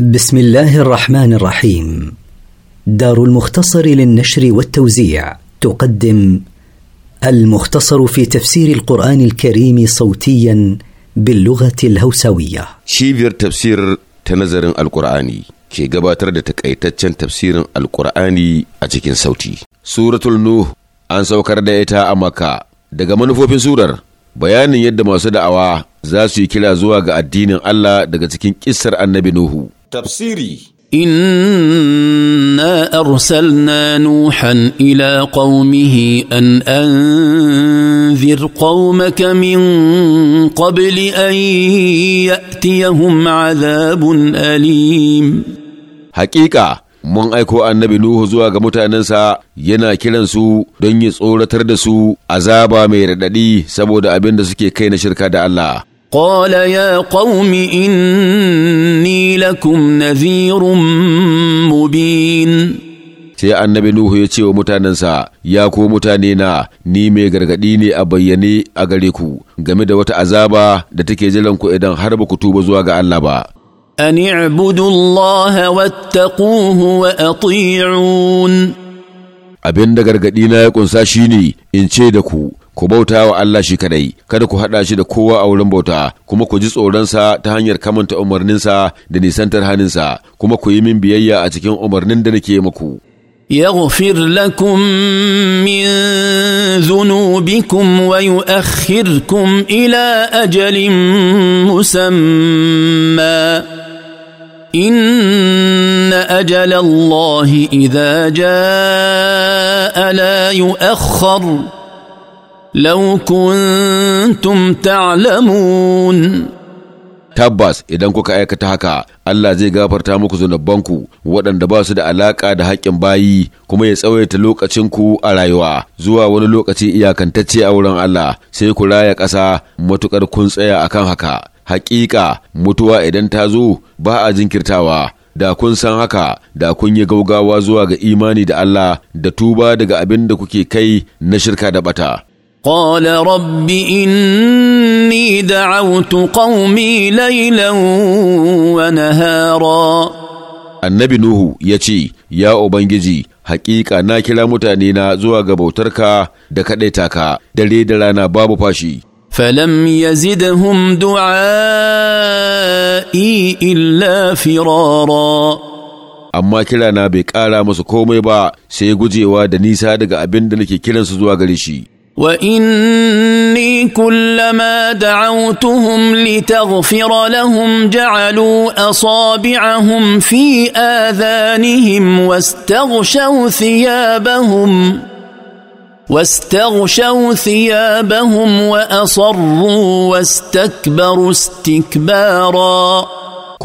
بسم الله الرحمن الرحيم دار المختصر للنشر والتوزيع تقدم المختصر في تفسير القرآن الكريم صوتيا باللغة الهوسوية شيفير تفسير تنظر القرآني كي قباتر تكأيتتشن تفسير القرآني أتكين صوتي سورة النوح أنسى سوكر دائتا أمكا daga manufofin surar bayanin yadda masu da'awa za su yi kira zuwa ga addinin Allah daga cikin kissar Tafsiri إنا أرسلنا نوحا إلى قومه أن أنذر قومك من قبل أن يأتيهم عذاب أليم حقيقة mun aiko annabi Nuhu zuwa ga mutanensa yana kiransu don yi tsoratar da su azaba mai raɗaɗi saboda abin da suke kai na shirka da Allah. قال يا قوم إني لكم نذير مبين sai annabi Nuhu ya ce wa mutanensa, Ya ko mutane na, ni mai gargaɗi ne a bayyane a gare ku game da wata azaba da take jiran ku idan har ba ku tuba zuwa ga Allah ba. An i'budu Allah wattaquhu wa ati'un. Abin da gargaɗi na ya ƙunsa shine in ce da ku, ku bauta wa Allah shi kadai kada ku hada shi da kowa a wurin bauta kuma ku ji tsoronsa ta hanyar kamanta umarninsa da nisantar haninsa kuma ku yi min biyayya a cikin umarnin da nake muku يغفر لكم من ذنوبكم ويؤخركم الى اجل مسمى ان اجل الله اذا جاء لا يؤخر لو كنتم تعلمون tabbas idan kuka aikata haka Allah zai gafarta muku zunubanku waɗanda ba su da alaƙa da haƙƙin bayi kuma ya tsawaita lokacinku a rayuwa zuwa wani lokaci iyakantacce a wurin Allah sai ku raya ƙasa matuƙar kun tsaya a kan haka haƙiƙa mutuwa idan ta zo ba a jinkirtawa da kun san haka da kun yi gaugawa zuwa ga imani da Allah da tuba daga abin da kuke kai na shirka da bata قال رب اني دعوت قومي ليلا ونهارا annabi Nuhu ya ce, Ya Ubangiji, haƙiƙa na kira mutane na zuwa ga bautarka da kaɗaita ka, dare da rana babu fashi. فلم يزدهم دعائي إلا فرارا amma kirana bai ƙara musu komai ba sai gujewa da nisa daga abinda nake kiransu zuwa gare shi واني كلما دعوتهم لتغفر لهم جعلوا اصابعهم في اذانهم واستغشوا ثيابهم واستغشوا ثيابهم واصروا واستكبروا استكبارا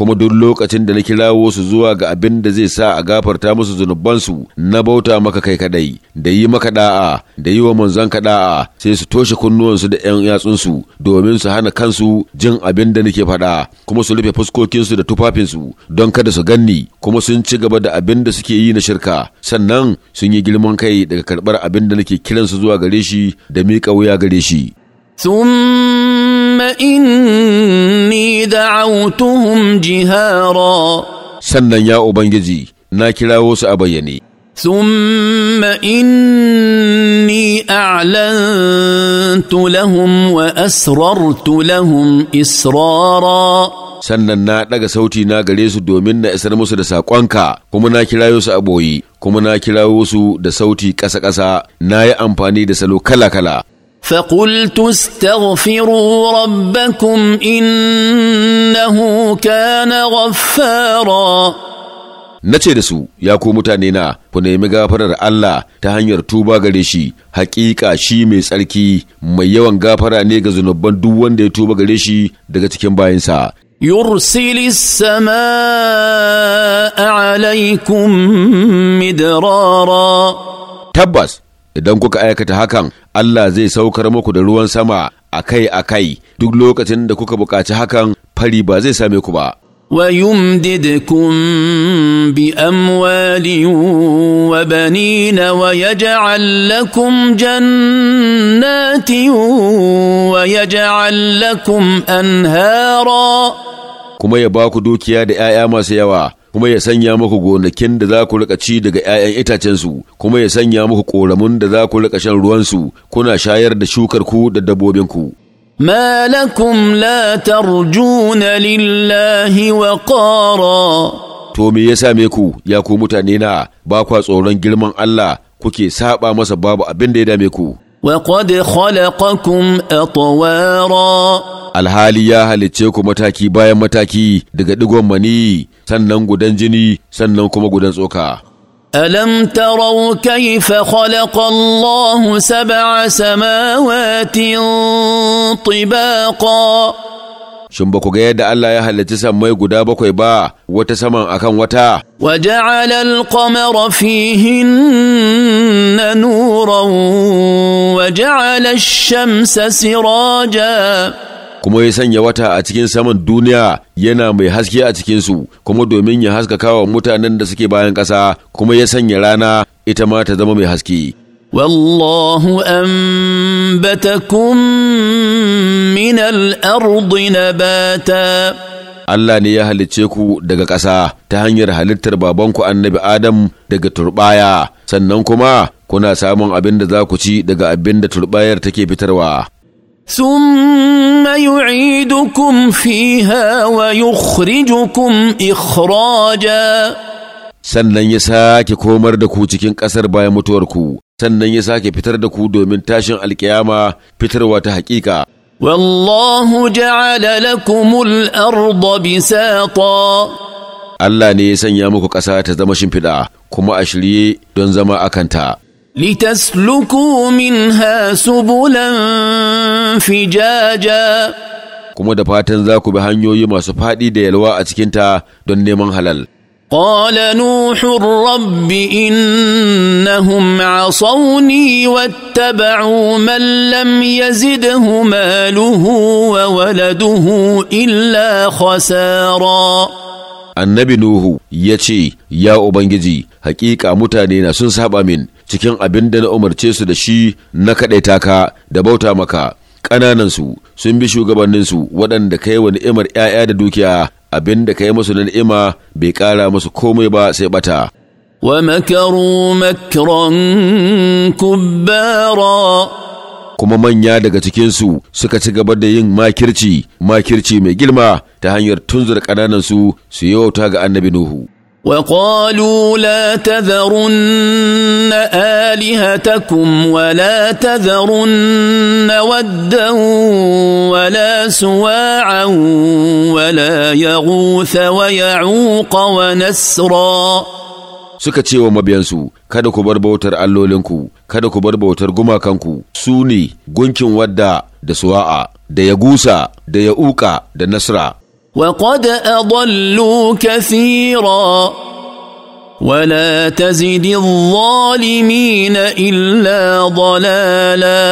kuma duk lokacin da na kirawo su zuwa ga abin da zai sa a gafarta musu zunubansu na bauta maka kai kadai da yi maka da'a da yi wa manzon ka da'a sai su toshe kunnuwansu da yan yatsunsu domin su hana kansu jin abin da nake faɗa kuma su rufe fuskokinsu da tufafinsu don kada su ganni kuma sun ci gaba da abin da suke yi na shirka sannan sun yi girman kai daga karbar abin da nake kiransu zuwa gare shi da miƙa wuya gare shi. ثم إني دعوتهم جهارا sannan ya ubangiji na kirawo su a bayyane ثم إني أعلنت لهم وأسررت لهم إسرارا sannan na ɗaga sauti na gare su domin na isar musu da saƙonka kuma na kirayo su a kuma na kirawo su da sauti ƙasa-ƙasa na yi amfani da salo kala-kala فقلت استغفروا ربكم انه كان غفارا na ce da su ya ku mutane na ku nemi gafarar Allah ta hanyar tuba gare shi hakika shi mai tsarki mai yawan gafara ne ga zunubban duk wanda ya tuba gare shi daga cikin bayansa yursilis samaa alaikum midrara tabbas idan kuka aikata hakan Allah zai saukar muku da ruwan sama akai-akai duk lokacin da kuka buƙaci hakan fari ba zai same ku ba. ويمددكم باموال وبنين ويجعل لكم جنات ويجعل لكم انهارا kuma ya ba ku dukiya da ‘ya'ya masu yawa kuma ya sanya muku gonakin da za ku rika ci daga ‘ya'yan itacensu, kuma ya sanya muku ƙoramun da za ku rika shan ruwansu, kuna shayar da shukarku da dabbobinku. ما لكم لا lillahi wa To me ya same ku, ya ku mutane na, ba kwa tsoron girman Allah kuke saba masa babu abin da ya dame ku. وقد خلقكم أطوارا alhali ya halicce ku mataki bayan mataki daga ɗigon mani sannan gudan jini sannan kuma gudan tsoka ألم تروا كيف خلق الله سبع سماوات طباقاً shin ba ku ga yadda Allah ya halarci sammai guda bakwai ba wata saman akan wata wa ja'ala al-qamara nuran wa ja'ala ash-shamsa siraja kuma ya sanya wata a cikin saman duniya yana mai haske a cikinsu kuma domin ya haskaka wa mutanen da suke bayan ƙasa kuma ya sanya rana ita ma ta zama mai haske. Wallahu ambatakum من الأرض نباتا Allah ne ya halicce ku daga ƙasa ta hanyar halittar babanku annabi Adam daga turbaya, sannan kuma kuna samun abin da za ku ci daga abin da turbayar take fitarwa. ثم fiha wa yukhrijukum ikhraja sannan ya sake komar da ku cikin ƙasar bayan mutuwarku sannan ya sake fitar da ku domin tashin alkiyama fitarwa ta haƙiƙa والله جعل لكم الأرض بساطا Allah ne ya sanya muku ƙasa ta zama shimfiɗa kuma a shirye don zama a kanta. Litasluku minha subulan fijaja. Kuma da fatan za ku bi hanyoyi masu faɗi da yalwa a cikinta don neman halal. قال نوح رب انهم عصوني واتبعوا من لم يزده ماله وولده الا خسارا annabi nuhu ya ce ya ubangiji hakika mutane na sun saba min cikin abin da na umarce su da shi na kaɗaita ka da bauta maka ƙananansu sun bi shugabanninsu waɗanda kai wa ni'imar 'ya'ya da dukiya abin da ka yi musu ni'ima bai ƙara musu komai ba sai bata. makaru makaron kubbara. kuma manya daga cikinsu suka ci gaba da yin makirci makirci mai girma ta hanyar tunzura ƙananansu su yi wauta ga annabi Nuhu. وقالوا لا تذرن الهتكم ولا تذرن ودا ولا سواعا ولا يغوث ويعوق ونسرا suka ce wa mabiyansu kada ku bar bautar allolinku kada ku bar bautar gumakanku su ne gunkin wadda da suwa'a da ya gusa da ya uka da nasra وقد اضلوا كثيرا ولا تزد الظالمين الا ضلالا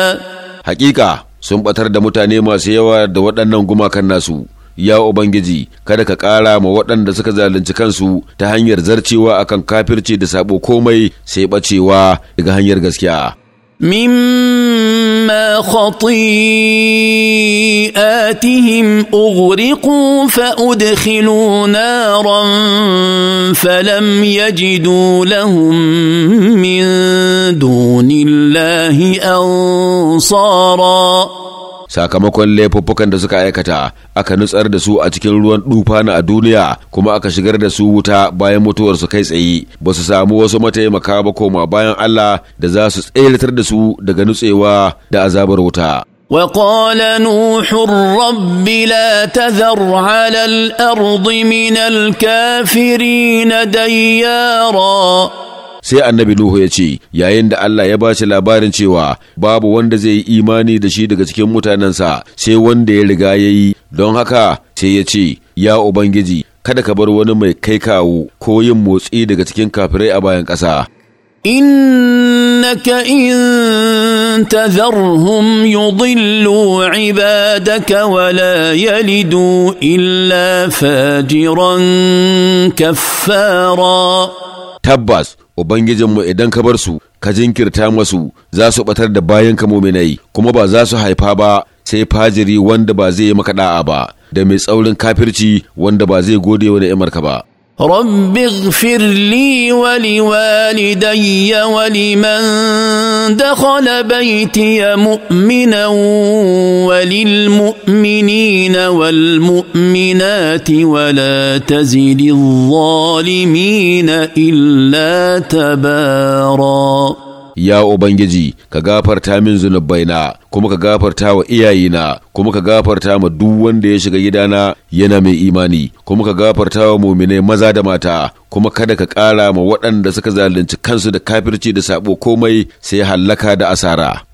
حقيقه sun batar da mutane masu yawa da waɗannan gumakan nasu ya ubangiji kada ka ƙara ma waɗanda suka zalunci kansu ta hanyar zarcewa akan kafirci da sabo komai sai ɓacewa daga hanyar gaskiya مما خطيئاتهم اغرقوا فادخلوا نارا فلم يجدوا لهم من دون الله انصارا sakamakon laifuffukan da suka aikata aka nutsar da su a cikin ruwan dufana a duniya kuma aka shigar da su wuta bayan mutuwar su kai tsaye ba su samu wasu mataimaka ba koma bayan Allah da za su tsayar da su daga nutsewa da azabar wuta وقال نوح رب لا تذر على الارض من الكافرين ديارا sai annabi Nuhu ya ce yayin da Allah ya ba shi labarin cewa babu wanda zai yi imani da shi daga cikin mutanensa sai wanda ya riga ya yi don haka sai ya ce ya Ubangiji kada ka bar wani mai kai kawo ko yin motsi daga cikin kafirai a bayan ƙasa. إنك إن تذرهم يضلوا عبادك ولا يلدوا إلا فاجرا كفارا تبس Ubangijinmu idan ka bar su, ka jinkirta masu za su batar da bayan ka muminai, kuma ba za su haifa ba sai fajiri wanda ba zai yi maka da'a ba, da mai tsaurin kafirci wanda ba zai gode wa ni'imarka ba. Rabbi ighfir wa liwalidayya wa liman دخل بيتي مؤمنا وللمؤمنين والمؤمنات ولا تزد الظالمين الا تباراً ya Ubangiji ka gafarta min zunubaina kuma ka gafarta wa iyayena kuma ka gafarta ma duk wanda ya shiga gidana yana mai imani kuma ka gafarta wa muminai maza da mata kuma kada ka ƙara ma waɗanda suka zalunci kansu da kafirci da saɓo komai sai hallaka da asara